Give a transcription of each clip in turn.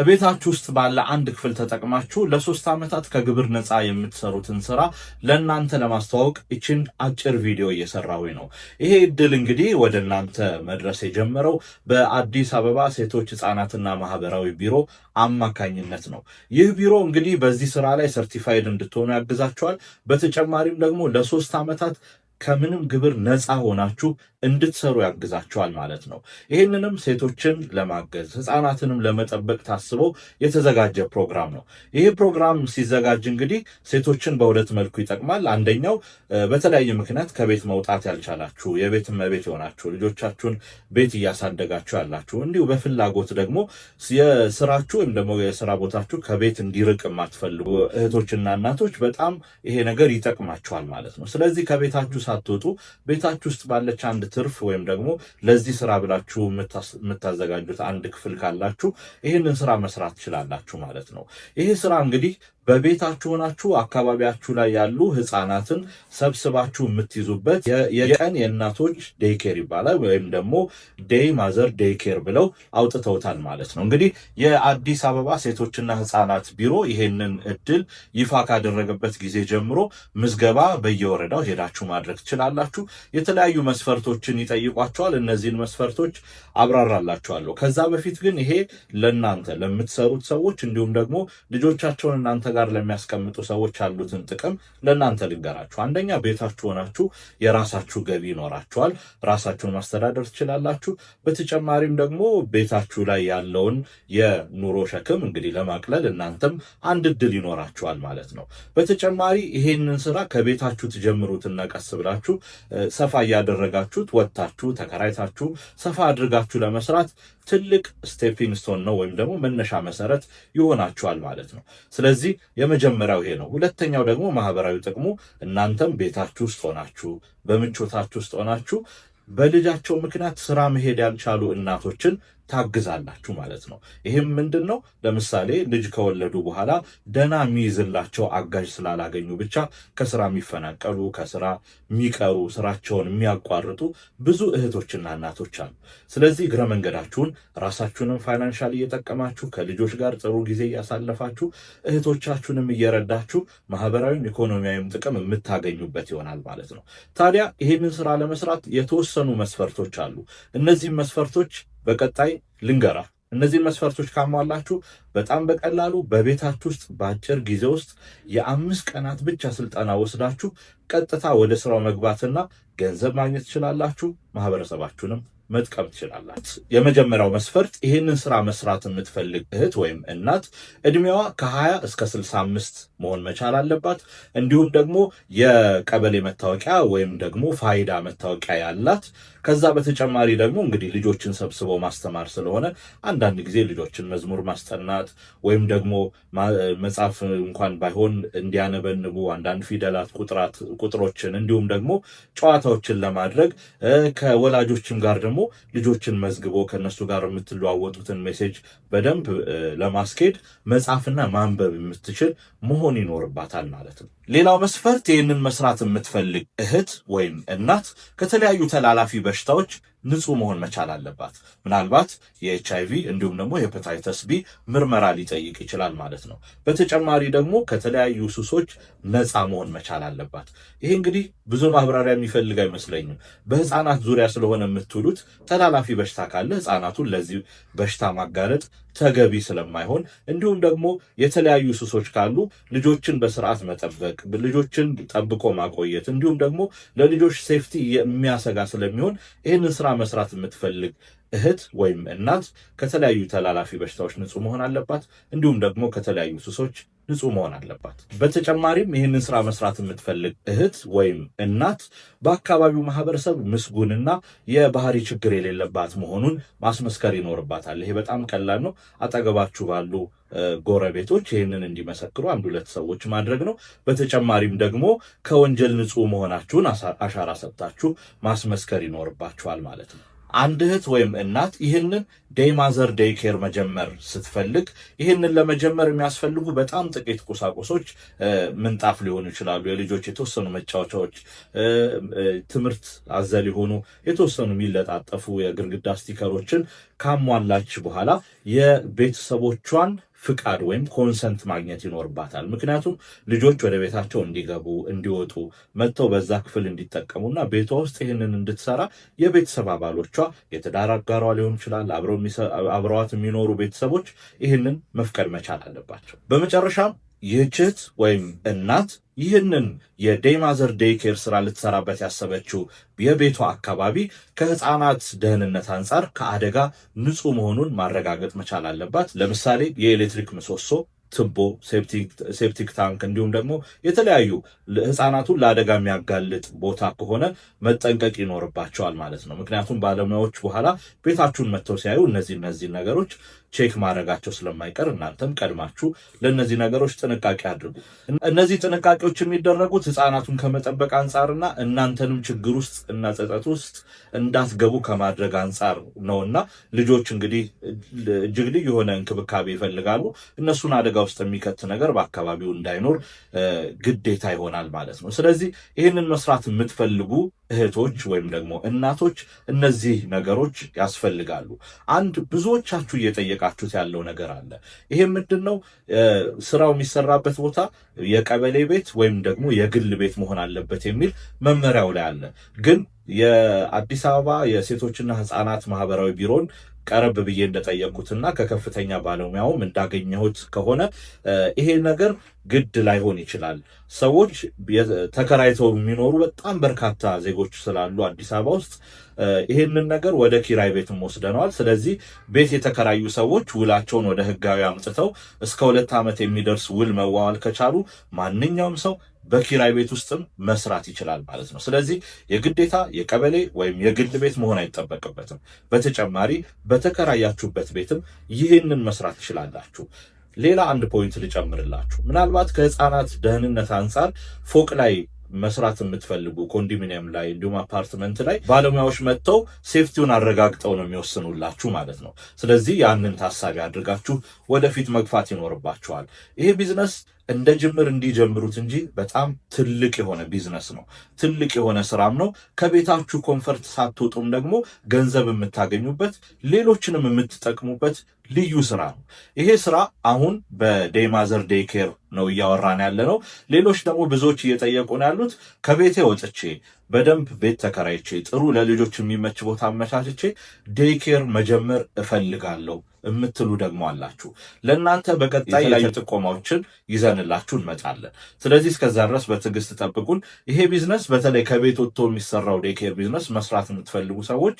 እቤታችሁ ውስጥ ባለ አንድ ክፍል ተጠቅማችሁ ለሶስት ዓመታት ከግብር ነፃ የምትሰሩትን ስራ ለእናንተ ለማስተዋወቅ ይችን አጭር ቪዲዮ እየሰራሁ ነው። ይሄ እድል እንግዲህ ወደ እናንተ መድረስ የጀመረው በአዲስ አበባ ሴቶች ሕፃናትና ማህበራዊ ቢሮ አማካኝነት ነው። ይህ ቢሮ እንግዲህ በዚህ ስራ ላይ ሰርቲፋይድ እንድትሆኑ ያግዛችኋል። በተጨማሪም ደግሞ ለሶስት ዓመታት ከምንም ግብር ነፃ ሆናችሁ እንድትሰሩ ያግዛችኋል ማለት ነው። ይህንንም ሴቶችን ለማገዝ ህፃናትንም ለመጠበቅ ታስቦ የተዘጋጀ ፕሮግራም ነው። ይህ ፕሮግራም ሲዘጋጅ እንግዲህ ሴቶችን በሁለት መልኩ ይጠቅማል። አንደኛው በተለያየ ምክንያት ከቤት መውጣት ያልቻላችሁ የቤት እመቤት የሆናችሁ ልጆቻችሁን ቤት እያሳደጋችሁ ያላችሁ፣ እንዲሁ በፍላጎት ደግሞ የስራችሁ ወይም ደግሞ የስራ ቦታችሁ ከቤት እንዲርቅ የማትፈልጉ እህቶችና እናቶች በጣም ይሄ ነገር ይጠቅማችኋል ማለት ነው። ስለዚህ ከቤታችሁ ሳትወጡ ቤታችሁ ውስጥ ባለች አንድ ትርፍ ወይም ደግሞ ለዚህ ስራ ብላችሁ የምታዘጋጁት አንድ ክፍል ካላችሁ ይህንን ስራ መስራት ትችላላችሁ ማለት ነው። ይህ ስራ እንግዲህ በቤታችሁ ሆናችሁ አካባቢያችሁ ላይ ያሉ ህፃናትን ሰብስባችሁ የምትይዙበት የቀን የእናቶች ዴይ ኬር ይባላል። ወይም ደግሞ ዴይ ማዘር ዴይኬር ኬር ብለው አውጥተውታል ማለት ነው። እንግዲህ የአዲስ አበባ ሴቶችና ህፃናት ቢሮ ይሄንን እድል ይፋ ካደረገበት ጊዜ ጀምሮ ምዝገባ በየወረዳው ሄዳችሁ ማድረግ ትችላላችሁ። የተለያዩ መስፈርቶችን ይጠይቋቸዋል። እነዚህን መስፈርቶች አብራራላችኋለሁ። ከዛ በፊት ግን ይሄ ለእናንተ ለምትሰሩት ሰዎች እንዲሁም ደግሞ ልጆቻቸውን እናንተ ጋር ጋር ለሚያስቀምጡ ሰዎች ያሉትን ጥቅም ለእናንተ ልንገራችሁ። አንደኛ ቤታችሁ ሆናችሁ የራሳችሁ ገቢ ይኖራችኋል፣ ራሳችሁን ማስተዳደር ትችላላችሁ። በተጨማሪም ደግሞ ቤታችሁ ላይ ያለውን የኑሮ ሸክም እንግዲህ ለማቅለል እናንተም አንድ እድል ይኖራችኋል ማለት ነው። በተጨማሪ ይሄንን ስራ ከቤታችሁ ትጀምሩትና ቀስ ብላችሁ ሰፋ እያደረጋችሁት ወጥታችሁ ተከራይታችሁ ሰፋ አድርጋችሁ ለመስራት ትልቅ ስቴፒንግ ስቶን ነው ወይም ደግሞ መነሻ መሰረት ይሆናችኋል ማለት ነው። ስለዚህ የመጀመሪያው ይሄ ነው። ሁለተኛው ደግሞ ማህበራዊ ጥቅሙ እናንተም ቤታችሁ ውስጥ ሆናችሁ በምቾታችሁ ውስጥ ሆናችሁ በልጃቸው ምክንያት ስራ መሄድ ያልቻሉ እናቶችን ታግዛላችሁ ማለት ነው። ይህም ምንድን ነው? ለምሳሌ ልጅ ከወለዱ በኋላ ደህና የሚይዝላቸው አጋዥ ስላላገኙ ብቻ ከስራ የሚፈናቀሉ፣ ከስራ የሚቀሩ፣ ስራቸውን የሚያቋርጡ ብዙ እህቶችና እናቶች አሉ። ስለዚህ እግረ መንገዳችሁን ራሳችሁንም ፋይናንሻል እየጠቀማችሁ ከልጆች ጋር ጥሩ ጊዜ እያሳለፋችሁ እህቶቻችሁንም እየረዳችሁ ማህበራዊም ኢኮኖሚያዊም ጥቅም የምታገኙበት ይሆናል ማለት ነው። ታዲያ ይህንን ስራ ለመስራት የተወሰኑ መስፈርቶች አሉ። እነዚህም መስፈርቶች በቀጣይ ልንገራ። እነዚህን መስፈርቶች ካሟላችሁ በጣም በቀላሉ በቤታችሁ ውስጥ በአጭር ጊዜ ውስጥ የአምስት ቀናት ብቻ ስልጠና ወስዳችሁ ቀጥታ ወደ ስራው መግባትና ገንዘብ ማግኘት ትችላላችሁ። ማህበረሰባችሁንም መጥቀም ትችላላችሁ። የመጀመሪያው መስፈርት ይህንን ስራ መስራት የምትፈልግ እህት ወይም እናት እድሜዋ ከ20 እስከ 65 መሆን መቻል አለባት። እንዲሁም ደግሞ የቀበሌ መታወቂያ ወይም ደግሞ ፋይዳ መታወቂያ ያላት ከዛ በተጨማሪ ደግሞ እንግዲህ ልጆችን ሰብስቦ ማስተማር ስለሆነ አንዳንድ ጊዜ ልጆችን መዝሙር ማስጠናት ወይም ደግሞ መጽሐፍ እንኳን ባይሆን እንዲያነበንቡ አንዳንድ ፊደላት፣ ቁጥራት፣ ቁጥሮችን እንዲሁም ደግሞ ጨዋታዎችን ለማድረግ ከወላጆችም ጋር ደግሞ ልጆችን መዝግቦ ከእነሱ ጋር የምትለዋወጡትን ሜሴጅ በደንብ ለማስኬድ መጽሐፍና ማንበብ የምትችል መሆን ይኖርባታል ማለት ነው። ሌላው መስፈርት ይህንን መስራት የምትፈልግ እህት ወይም እናት ከተለያዩ ተላላፊ በሽታዎች ንጹህ መሆን መቻል አለባት። ምናልባት የኤች አይቪ እንዲሁም ደግሞ የሄፓታይተስ ቢ ምርመራ ሊጠይቅ ይችላል ማለት ነው። በተጨማሪ ደግሞ ከተለያዩ ሱሶች ነፃ መሆን መቻል አለባት። ይሄ እንግዲህ ብዙ ማብራሪያ የሚፈልግ አይመስለኝም። በህፃናት ዙሪያ ስለሆነ የምትውሉት ተላላፊ በሽታ ካለ ህፃናቱን ለዚህ በሽታ ማጋለጥ ተገቢ ስለማይሆን እንዲሁም ደግሞ የተለያዩ ሱሶች ካሉ ልጆችን በስርዓት መጠበቅ፣ ልጆችን ጠብቆ ማቆየት እንዲሁም ደግሞ ለልጆች ሴፍቲ የሚያሰጋ ስለሚሆን ይህንን ስራ መስራት የምትፈልግ እህት ወይም እናት ከተለያዩ ተላላፊ በሽታዎች ንጹህ መሆን አለባት። እንዲሁም ደግሞ ከተለያዩ ሱሶች ንጹህ መሆን አለባት። በተጨማሪም ይህንን ስራ መስራት የምትፈልግ እህት ወይም እናት በአካባቢው ማህበረሰብ ምስጉንና የባህሪ ችግር የሌለባት መሆኑን ማስመስከር ይኖርባታል። ይሄ በጣም ቀላል ነው። አጠገባችሁ ባሉ ጎረቤቶች ይህንን እንዲመሰክሩ አንድ ሁለት ሰዎች ማድረግ ነው። በተጨማሪም ደግሞ ከወንጀል ንጹህ መሆናችሁን አሻራ ሰጥታችሁ ማስመስከር ይኖርባችኋል ማለት ነው። አንድ እህት ወይም እናት ይህንን ዴይ ማዘር ዴይ ኬር መጀመር ስትፈልግ ይህንን ለመጀመር የሚያስፈልጉ በጣም ጥቂት ቁሳቁሶች ምንጣፍ ሊሆኑ ይችላሉ፣ የልጆች የተወሰኑ መጫወቻዎች፣ ትምህርት አዘል የሆኑ የተወሰኑ የሚለጣጠፉ የግርግዳ ስቲከሮችን ካሟላች በኋላ የቤተሰቦቿን ፍቃድ ወይም ኮንሰንት ማግኘት ይኖርባታል። ምክንያቱም ልጆች ወደ ቤታቸው እንዲገቡ እንዲወጡ፣ መጥተው በዛ ክፍል እንዲጠቀሙና ቤቷ ውስጥ ይህንን እንድትሰራ የቤተሰብ አባሎቿ የትዳር አጋሯ ሊሆን ይችላል፣ አብረዋት የሚኖሩ ቤተሰቦች ይህንን መፍቀድ መቻል አለባቸው። በመጨረሻም ይህችት ወይም እናት ይህንን የዴማዘር ዴይኬር ስራ ልትሰራበት ያሰበችው የቤቷ አካባቢ ከህፃናት ደህንነት አንጻር ከአደጋ ንጹህ መሆኑን ማረጋገጥ መቻል አለባት። ለምሳሌ የኤሌክትሪክ ምሰሶ ትቦ፣ ሴፕቲክ ታንክ እንዲሁም ደግሞ የተለያዩ ህፃናቱን ለአደጋ የሚያጋልጥ ቦታ ከሆነ መጠንቀቅ ይኖርባቸዋል ማለት ነው። ምክንያቱም ባለሙያዎች በኋላ ቤታችሁን መጥተው ሲያዩ እነዚህ እነዚህ ነገሮች ቼክ ማድረጋቸው ስለማይቀር እናንተም ቀድማችሁ ለእነዚህ ነገሮች ጥንቃቄ አድርጉ። እነዚህ ጥንቃቄዎች የሚደረጉት ህፃናቱን ከመጠበቅ አንጻርና እናንተንም ችግር ውስጥ እና ጸጸት ውስጥ እንዳትገቡ ከማድረግ አንጻር ነውና ልጆች እንግዲህ እጅግ ልዩ የሆነ እንክብካቤ ይፈልጋሉ። እነሱን አደጋ ውስጥ የሚከት ነገር በአካባቢው እንዳይኖር ግዴታ ይሆናል ማለት ነው። ስለዚህ ይህንን መስራት የምትፈልጉ እህቶች ወይም ደግሞ እናቶች እነዚህ ነገሮች ያስፈልጋሉ። አንድ ብዙዎቻችሁ እየጠየቃችሁት ያለው ነገር አለ። ይሄ ምንድን ነው? ስራው የሚሰራበት ቦታ የቀበሌ ቤት ወይም ደግሞ የግል ቤት መሆን አለበት የሚል መመሪያው ላይ አለ ግን የአዲስ አበባ የሴቶችና ህፃናት ማህበራዊ ቢሮን ቀረብ ብዬ እንደጠየቅኩትና ከከፍተኛ ባለሙያውም እንዳገኘሁት ከሆነ ይሄ ነገር ግድ ላይሆን ይችላል። ሰዎች ተከራይተው የሚኖሩ በጣም በርካታ ዜጎች ስላሉ አዲስ አበባ ውስጥ ይሄንን ነገር ወደ ኪራይ ቤትም ወስደነዋል። ስለዚህ ቤት የተከራዩ ሰዎች ውላቸውን ወደ ህጋዊ አምጥተው እስከ ሁለት ዓመት የሚደርስ ውል መዋዋል ከቻሉ ማንኛውም ሰው በኪራይ ቤት ውስጥም መስራት ይችላል ማለት ነው። ስለዚህ የግዴታ የቀበሌ ወይም የግል ቤት መሆን አይጠበቅበትም። በተጨማሪ በተከራያችሁበት ቤትም ይህንን መስራት ትችላላችሁ። ሌላ አንድ ፖይንት ልጨምርላችሁ። ምናልባት ከህፃናት ደህንነት አንጻር ፎቅ ላይ መስራት የምትፈልጉ ኮንዶሚኒየም ላይ እንዲሁም አፓርትመንት ላይ ባለሙያዎች መጥተው ሴፍቲውን አረጋግጠው ነው የሚወስኑላችሁ ማለት ነው። ስለዚህ ያንን ታሳቢ አድርጋችሁ ወደፊት መግፋት ይኖርባችኋል። ይሄ ቢዝነስ እንደ ጅምር እንዲጀምሩት እንጂ በጣም ትልቅ የሆነ ቢዝነስ ነው። ትልቅ የሆነ ስራም ነው። ከቤታችሁ ኮንፈርት ሳትወጡም ደግሞ ገንዘብ የምታገኙበት ሌሎችንም የምትጠቅሙበት ልዩ ስራ ነው። ይሄ ስራ አሁን በዴማዘር ዴይ ኬር ነው እያወራን ያለ ነው። ሌሎች ደግሞ ብዙዎች እየጠየቁን ያሉት ከቤቴ ወጥቼ በደንብ ቤት ተከራይቼ ጥሩ ለልጆች የሚመች ቦታ አመቻችቼ ዴይኬር መጀመር እፈልጋለሁ የምትሉ ደግሞ አላችሁ። ለእናንተ በቀጣይ የተለያዩ ጥቆማዎችን ይዘንላችሁ እንመጣለን። ስለዚህ እስከዛ ድረስ በትዕግስት ጠብቁን። ይሄ ቢዝነስ በተለይ ከቤት ወጥቶ የሚሰራው ዴኬር ቢዝነስ መስራት የምትፈልጉ ሰዎች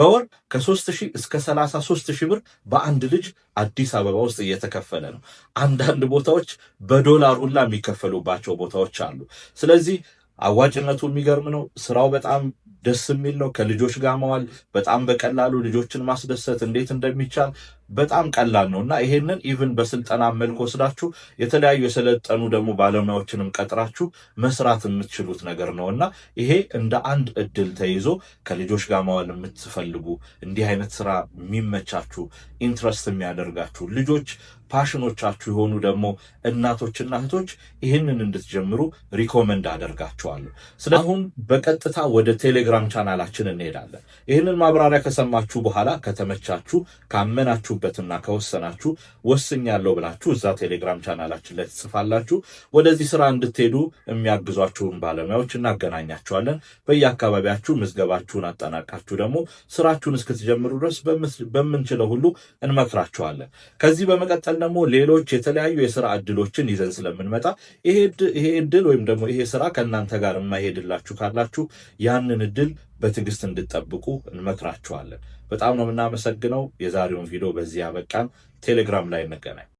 በወር ከሶስት ሺህ እስከ ሰላሳ ሶስት ሺህ ብር በአንድ ልጅ አዲስ አበባ ውስጥ እየተከፈለ ነው። አንዳንድ ቦታዎች በዶላር ሁላ የሚከፈሉባቸው ቦታዎች አሉ። ስለዚህ አዋጭነቱ የሚገርም ነው። ስራው በጣም ደስ የሚል ነው። ከልጆች ጋር መዋል በጣም በቀላሉ ልጆችን ማስደሰት እንዴት እንደሚቻል በጣም ቀላል ነው እና ይሄንን ኢቭን በስልጠና መልክ ወስዳችሁ የተለያዩ የሰለጠኑ ደግሞ ባለሙያዎችንም ቀጥራችሁ መስራት የምትችሉት ነገር ነው እና ይሄ እንደ አንድ እድል ተይዞ ከልጆች ጋር መዋል የምትፈልጉ እንዲህ አይነት ስራ የሚመቻችሁ ኢንትረስት የሚያደርጋችሁ ልጆች ፓሽኖቻችሁ የሆኑ ደግሞ እናቶችና እህቶች ይህንን እንድትጀምሩ ሪኮመንድ አደርጋችኋለሁ። ስለ አሁን በቀጥታ ወደ ቴሌግራም ቻናላችን እንሄዳለን። ይህንን ማብራሪያ ከሰማችሁ በኋላ ከተመቻችሁ ካመናችሁ ካመናችሁበትና ከወሰናችሁ ወስኛለሁ ብላችሁ እዛ ቴሌግራም ቻናላችን ላይ ትጽፋላችሁ። ወደዚህ ስራ እንድትሄዱ የሚያግዟችሁን ባለሙያዎች እናገናኛችኋለን። በየአካባቢያችሁ ምዝገባችሁን አጠናቃችሁ ደግሞ ስራችሁን እስክትጀምሩ ድረስ በምንችለው ሁሉ እንመክራችኋለን። ከዚህ በመቀጠል ደግሞ ሌሎች የተለያዩ የስራ እድሎችን ይዘን ስለምንመጣ ይሄ እድል ወይም ደግሞ ይሄ ስራ ከእናንተ ጋር የማይሄድላችሁ ካላችሁ ያንን እድል በትዕግስት እንድጠብቁ እንመክራችኋለን። በጣም ነው የምናመሰግነው። የዛሬውን ቪዲዮ በዚህ ያበቃን። ቴሌግራም ላይ እንገናኝ።